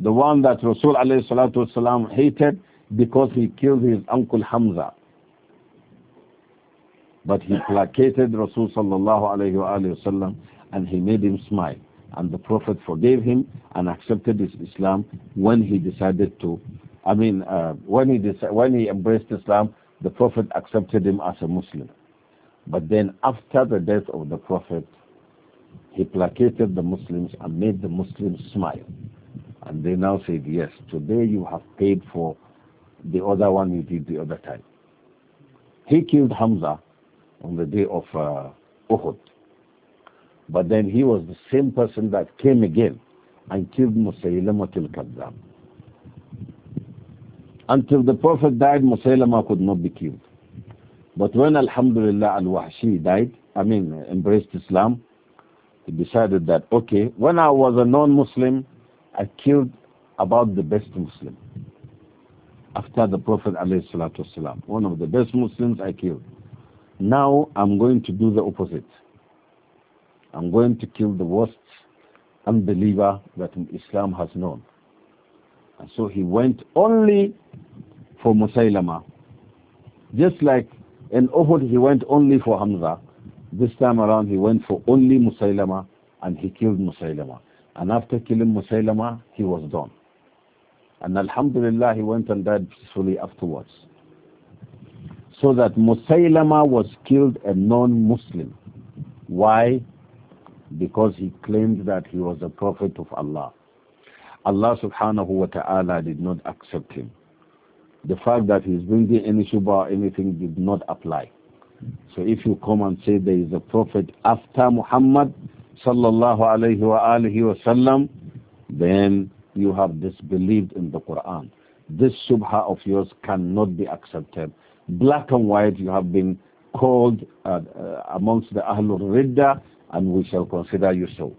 the one that Rasul والسلام, hated because he killed his uncle Hamza. But he placated Rasul and he made him smile and the Prophet forgave him and accepted his Islam when he decided to. I mean, uh, when he deci- when he embraced Islam, the Prophet accepted him as a Muslim. But then, after the death of the Prophet, he placated the Muslims and made the Muslims smile. And they now said, "Yes, today you have paid for the other one you did the other time." He killed Hamza on the day of uh, Uhud but then he was the same person that came again and killed Musaylama till Kaddam. Until the Prophet died, Musaylama could not be killed. But when Alhamdulillah al-Wahshi died, I mean embraced Islam, he decided that, okay, when I was a non-Muslim, I killed about the best Muslim. After the Prophet والسلام, one of the best Muslims I killed. Now I'm going to do the opposite. I'm going to kill the worst unbeliever that Islam has known. And so he went only for Musaylama. Just like in Uhud he went only for Hamza. This time around he went for only Musaylama and he killed Musaylama. And after killing Musaylama, he was done. And Alhamdulillah, he went and died peacefully afterwards. So that Musaylama was killed a non-Muslim. Why? because he claimed that he was a prophet of Allah. Allah subhanahu wa ta'ala did not accept him. The fact that he's bringing any shubha or anything did not apply. So if you come and say there is a prophet after Muhammad sallallahu alayhi wa alihi wa sallam, then you have disbelieved in the Quran. This subha of yours cannot be accepted. Black and white, you have been called uh, uh, amongst the Ahlul rida and we shall consider you so.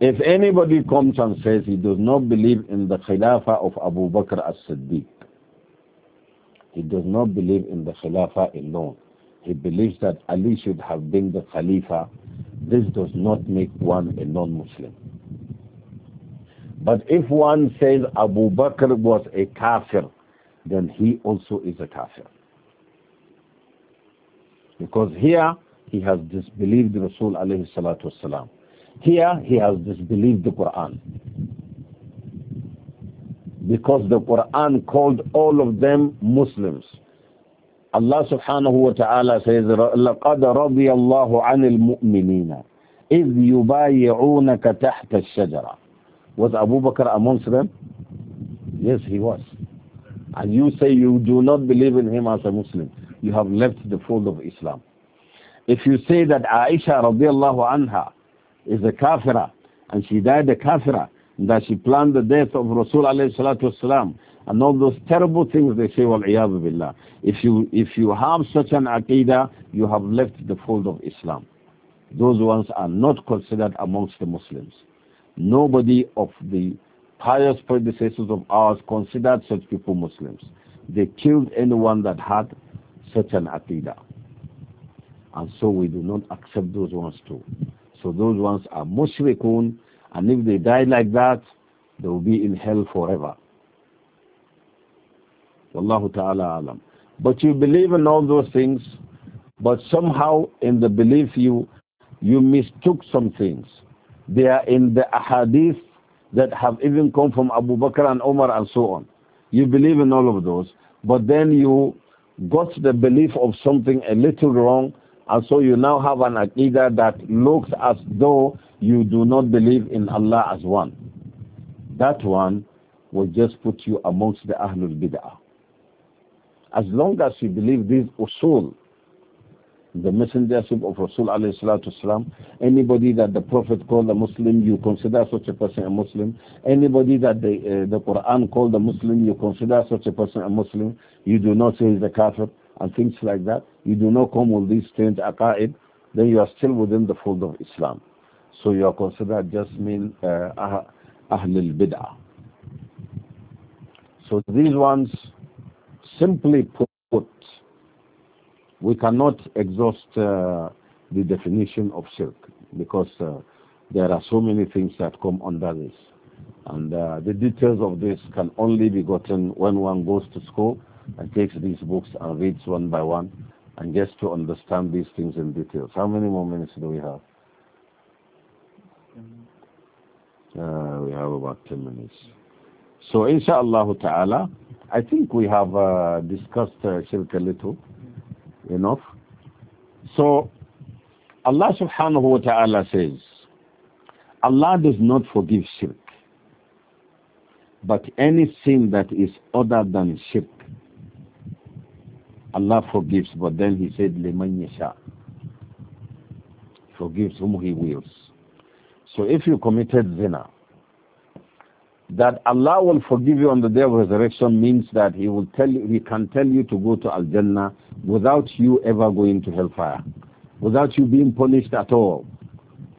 If anybody comes and says he does not believe in the Khilafah of Abu Bakr as-Siddiq, he does not believe in the Khilafah alone. He believes that Ali should have been the Khalifa. This does not make one a non-Muslim. But if one says Abu Bakr was a kafir, then he also is a kafir. Because here, he has disbelieved Rasul alayhi salatu wasalam. Here, he has disbelieved the Quran. Because the Quran called all of them Muslims. Allah subhanahu wa ta'ala says, لَقَدْ رَضِيَ اللَّهُ عَنِ الْمُؤْمِنِينَ إِذْ يُبَايِعُونَكَ تَحْتَ الشَّجَرَةِ Was Abu Bakr amongst them? Yes, he was. And you say you do not believe in him as a Muslim. You have left the fold of Islam. If you say that Aisha radiallahu anha is a kafira and she died a kafira, that she planned the death of Rasul alayhi salatu wasalam, and all those terrible things they say, wal If you, if you have such an aqeedah, you have left the fold of Islam. Those ones are not considered amongst the Muslims. Nobody of the pious predecessors of ours considered such people Muslims. They killed anyone that had such an aqeedah. And so we do not accept those ones too. So those ones are mushrikun, and if they die like that, they will be in hell forever. Wallahu ta'ala alam. But you believe in all those things, but somehow in the belief you, you mistook some things. They are in the ahadith that have even come from Abu Bakr and Omar and so on. You believe in all of those, but then you got the belief of something a little wrong and so you now have an aqidah that looks as though you do not believe in Allah as one. That one will just put you amongst the Ahlul Bid'ah. As long as you believe these usul, the messengership of Rasul alayhi anybody that the Prophet called a Muslim, you consider such a person a Muslim. Anybody that the, uh, the Quran called a Muslim, you consider such a person a Muslim. You do not say he's a kafir and things like that, you do not come with these strange akaid, then you are still within the fold of Islam. So you are considered just mean uh, ah, Ahlul Bid'ah. So these ones, simply put, we cannot exhaust uh, the definition of shirk because uh, there are so many things that come under this. And uh, the details of this can only be gotten when one goes to school and takes these books and reads one by one and gets to understand these things in details. How many more minutes do we have? Uh, we have about 10 minutes. So insha'Allah ta'ala, I think we have uh, discussed uh, shirk a little, enough. So Allah subhanahu wa ta'ala says, Allah does not forgive shirk, but any sin that is other than shirk, Allah forgives, but then he said, "Leman يَشَاءُ Forgives whom he wills. So if you committed zina, that Allah will forgive you on the day of resurrection means that He will tell you, He can tell you to go to Al Jannah without you ever going to hellfire, without you being punished at all.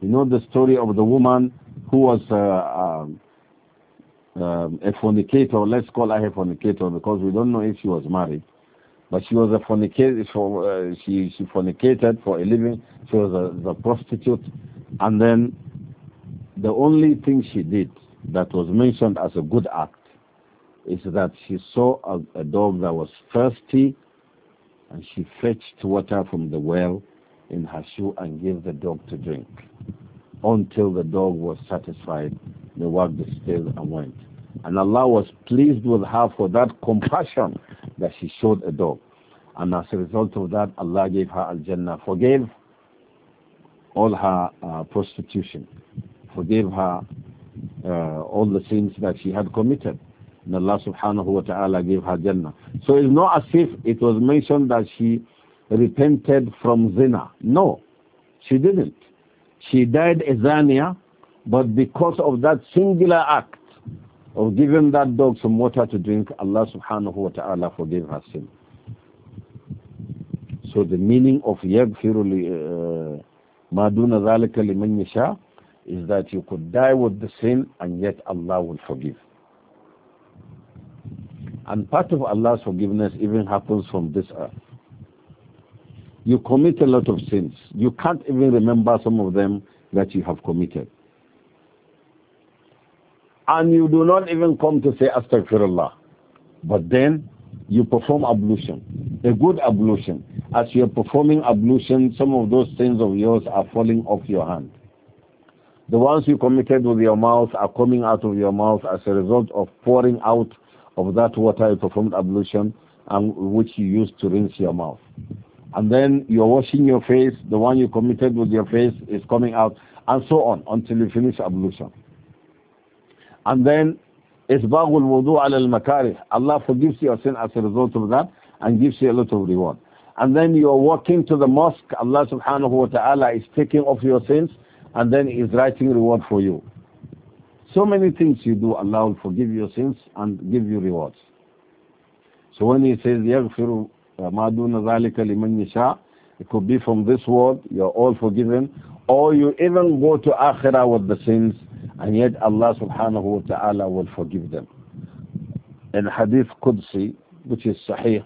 You know the story of the woman who was uh, uh, uh, a fornicator. Let's call her a fornicator because we don't know if she was married. But she was a fornicator, for, uh, she, she fornicated for a living, she was a, prostitute, and then the only thing she did that was mentioned as a good act is that she saw a, a dog that was thirsty and she fetched water from the well in her shoe and gave the dog to drink. Until the dog was satisfied, they wagged his tail and went. And Allah was pleased with her for that compassion that she showed a dog. And as a result of that, Allah gave her Al-Jannah, forgave all her uh, prostitution, forgave her uh, all the sins that she had committed. And Allah subhanahu wa ta'ala gave her Jannah. So it's not as if it was mentioned that she repented from zina. No, she didn't. She died a zania, but because of that singular act, or giving that dog some water to drink, Allah subhanahu wa ta'ala forgave her sin. So the meaning of يَغْفِرُ maduna ذَلِكَ لِمَنْ يَشَاءُ is that you could die with the sin and yet Allah will forgive. And part of Allah's forgiveness even happens from this earth. You commit a lot of sins. You can't even remember some of them that you have committed and you do not even come to say astaghfirullah. But then you perform ablution, a good ablution. As you're performing ablution, some of those sins of yours are falling off your hand. The ones you committed with your mouth are coming out of your mouth as a result of pouring out of that water you performed ablution and which you used to rinse your mouth. And then you're washing your face, the one you committed with your face is coming out, and so on until you finish ablution. And then, إسباغ ala al المكاره. Allah forgives your sin as a result of that and gives you a lot of reward. And then you're walking to the mosque, Allah subhanahu wa ta'ala is taking off your sins and then is writing reward for you. So many things you do, Allah will forgive your sins and give you rewards. So when he says, يغفر ما دون ذلك لمن يشاء, it could be from this world, you're all forgiven, or you even go to Akhirah with the sins and yet Allah subhanahu wa ta'ala will forgive them. In Hadith Qudsi, which is Sahih,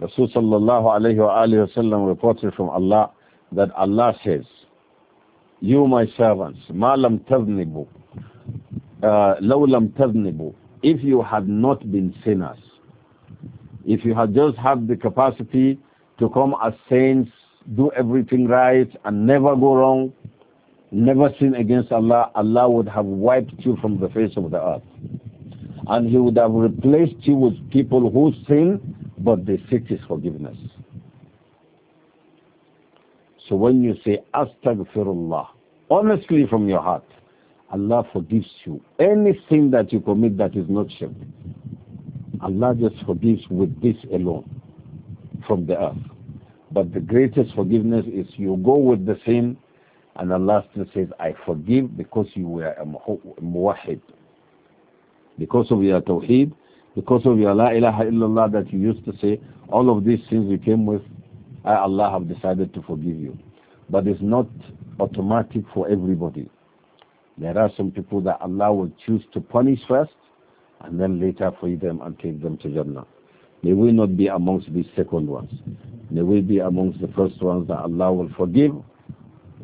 Rasul sallallahu alayhi wa alayhi wa sallam reported from Allah that Allah says, You my servants, ma lam taznibu, uh, law lam if you had not been sinners, if you had just had the capacity to come as saints, do everything right and never go wrong, never sinned against Allah, Allah would have wiped you from the face of the earth. And He would have replaced you with people who sin, but they seek His forgiveness. So when you say, Astaghfirullah, honestly from your heart, Allah forgives you. Anything that you commit that is not shirk, Allah just forgives with this alone from the earth. But the greatest forgiveness is you go with the sin and Allah still says, I forgive because you were a muwahid. Because of your tawheed, because of your la ilaha illallah that you used to say, all of these sins you came with, I Allah have decided to forgive you. But it's not automatic for everybody. There are some people that Allah will choose to punish first and then later free them and take them to Jannah. They will not be amongst these second ones. They will be amongst the first ones that Allah will forgive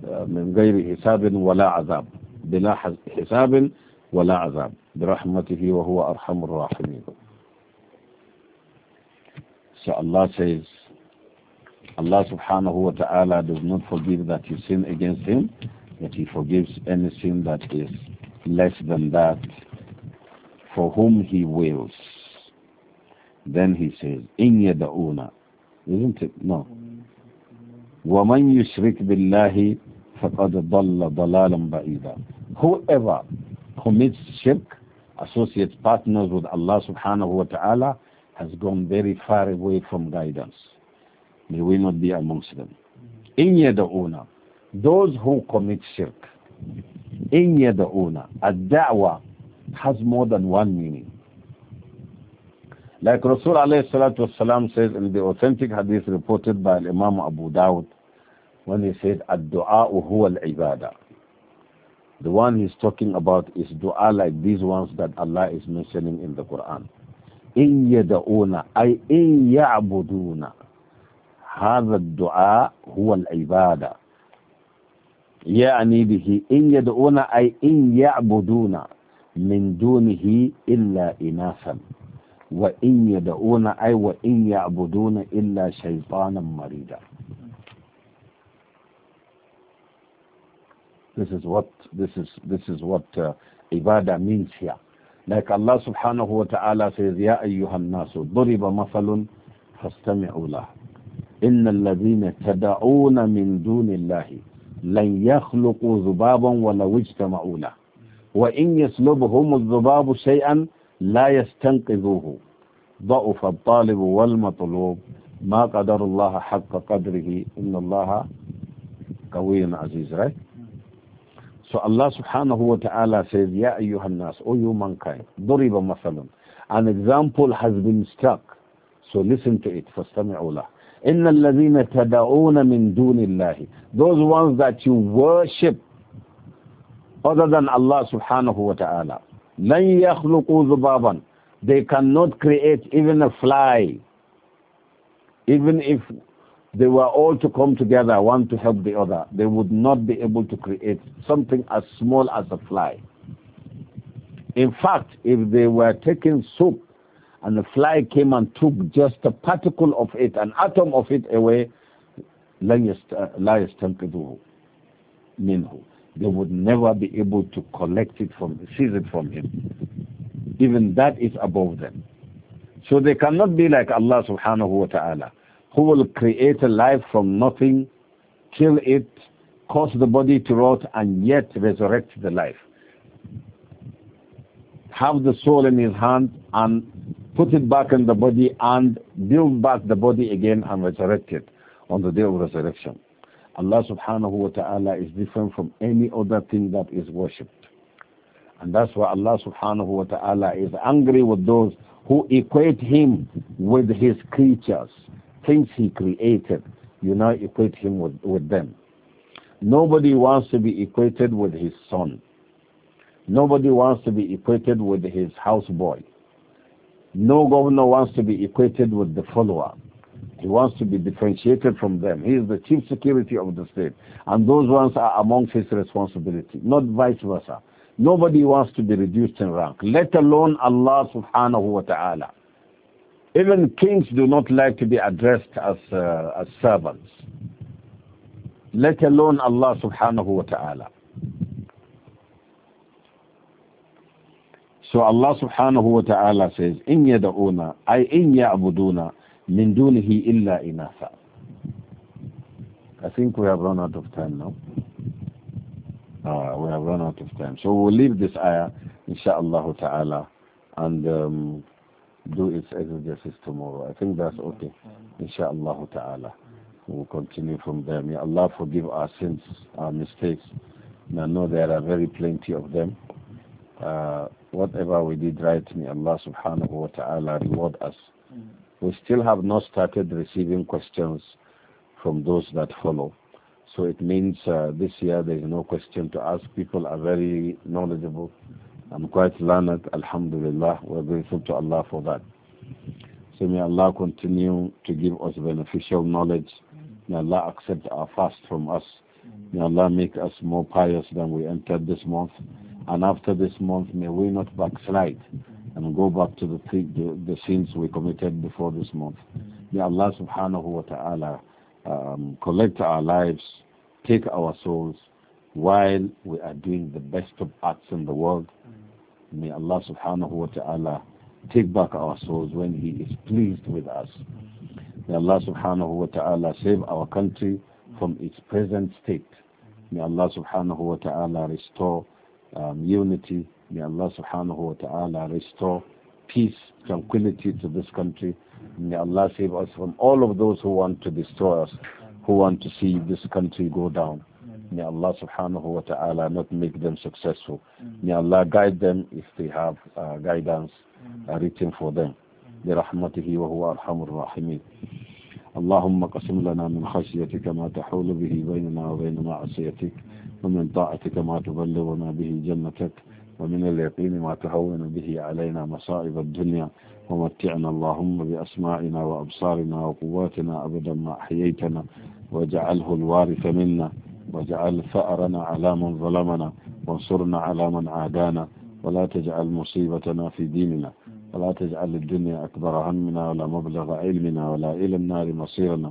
من غير حساب ولا عذاب بلا حساب ولا عذاب برحمته وهو أرحم الراحمين So Allah says Allah subhanahu wa ta'ala does not forgive that you sin against him but he forgives any sin that is less than that for whom he wills then he says in yada'una isn't it no وَمَنْ يُشْرِكْ بِاللَّهِ فَقَدْ ضَلَّ ضَلَالًا بَعِيدًا Whoever commits shirk, associates partners with Allah subhanahu wa ta'ala, has gone very far away from guidance. May we not be amongst them. إِنْ يَدَعُونَ Those who commit shirk, إِنْ يَدَعُونَ الدعوة has more than one meaning. Like Rasul والسلام, says in the authentic hadith reported by Imam Abu Dawud, when he said, Ad-du'a huwa al-ibadah. The one he's talking about is dua like these ones that Allah is mentioning in the Quran. إِن يَدَعُونَ أي إِن يَعْبُدُونَ هذا الدعاء هو العبادة يعني به إن يدعون أي إن يعبدون من دونه إلا إناثا وإن يدعون أي وإن يعبدون إلا شيطانا مريدا This is what this is this is what uh, ibadah means here. Like Allah subhanahu wa ta'ala says, Ya ayyuhan nasu, duriba mafalun fastami'u lah. إن الذين تدعون من دون lan لن يخلقوا ذبابا ولو lah. Wa in يسلبهم الذباب shay'an لا يستنقذوه ضعف الطالب والمطلوب ما قدر الله حق قدره إن الله قوي عزيز right So Allah subhanahu wa ta'ala says, Ya ayyuhan nas, O you mankind, duriba masalan. An example has been struck. So listen to it, فَاسْتَمِعُوا لَهُ إِنَّ الَّذِينَ تَدَعُونَ مِن دُونِ اللَّهِ Those ones that you worship other than Allah subhanahu wa ta'ala. لن يخلقوا ذبابا they cannot create even a fly even if they were all to come together one to help the other they would not be able to create something as small as a fly in fact if they were taking soup and the fly came and took just a particle of it an atom of it away لا يستنقذه منه they would never be able to collect it from, seize it from him. Even that is above them. So they cannot be like Allah subhanahu wa ta'ala, who will create a life from nothing, kill it, cause the body to rot, and yet resurrect the life. Have the soul in his hand and put it back in the body and build back the body again and resurrect it on the day of resurrection. Allah subhanahu wa ta'ala is different from any other thing that is worshipped. And that's why Allah subhanahu wa ta'ala is angry with those who equate him with his creatures, things he created. You now equate him with, with them. Nobody wants to be equated with his son. Nobody wants to be equated with his houseboy. No governor wants to be equated with the follower. He wants to be differentiated from them. He is the chief security of the state. And those ones are among his responsibility, not vice versa. Nobody wants to be reduced in rank, let alone Allah subhanahu wa ta'ala. Even kings do not like to be addressed as, uh, as servants, let alone Allah subhanahu wa ta'ala. So Allah subhanahu wa ta'ala says, إِن يَدَعُونَ أي إِن يَعْبُدُونَ min dunihi illa inasa I think we have run out of time now uh, we have run out of time so we'll leave this ayah inshallah ta'ala and um, do its exegesis tomorrow I think that's okay inshallah ta'ala we'll continue from there may Allah forgive our sins our mistakes and I know there are very plenty of them uh, whatever we did right, may Allah subhanahu wa ta'ala reward us. We still have not started receiving questions from those that follow. So it means uh, this year there is no question to ask. People are very knowledgeable. I'm quite learned, alhamdulillah. We're grateful to Allah for that. So may Allah continue to give us beneficial knowledge. May Allah accept our fast from us. May Allah make us more pious than we entered this month. And after this month, may we not backslide and go back to the, the, sins we committed before this month. May Allah subhanahu wa ta'ala um, collect our lives, take our souls while we are doing the best of acts in the world. May Allah subhanahu wa ta'ala take back our souls when He is pleased with us. May Allah subhanahu wa ta'ala save our country from its present state. May Allah subhanahu wa ta'ala restore um, unity May Allah subhanahu wa ta'ala restore peace, tranquility to this country. May Allah save us from all of those who want to destroy us, who want to see this country go down. May Allah subhanahu wa ta'ala not make them successful. May Allah guide them if they have uh, guidance uh, written for them. برحمته وهو أرحم الراحمين اللهم قسم لنا من خشيتك ما تحول به بيننا وبين معصيتك ومن طاعتك ما تبلغنا به جنتك ومن اليقين ما تهون به علينا مصائب الدنيا ومتعنا اللهم بأسماعنا وأبصارنا وقواتنا أبدا ما أحييتنا واجعله الوارث منا واجعل ثأرنا على من ظلمنا وانصرنا على من عادانا ولا تجعل مصيبتنا في ديننا ولا تجعل الدنيا أكبر همنا ولا مبلغ علمنا ولا إلى النار مصيرنا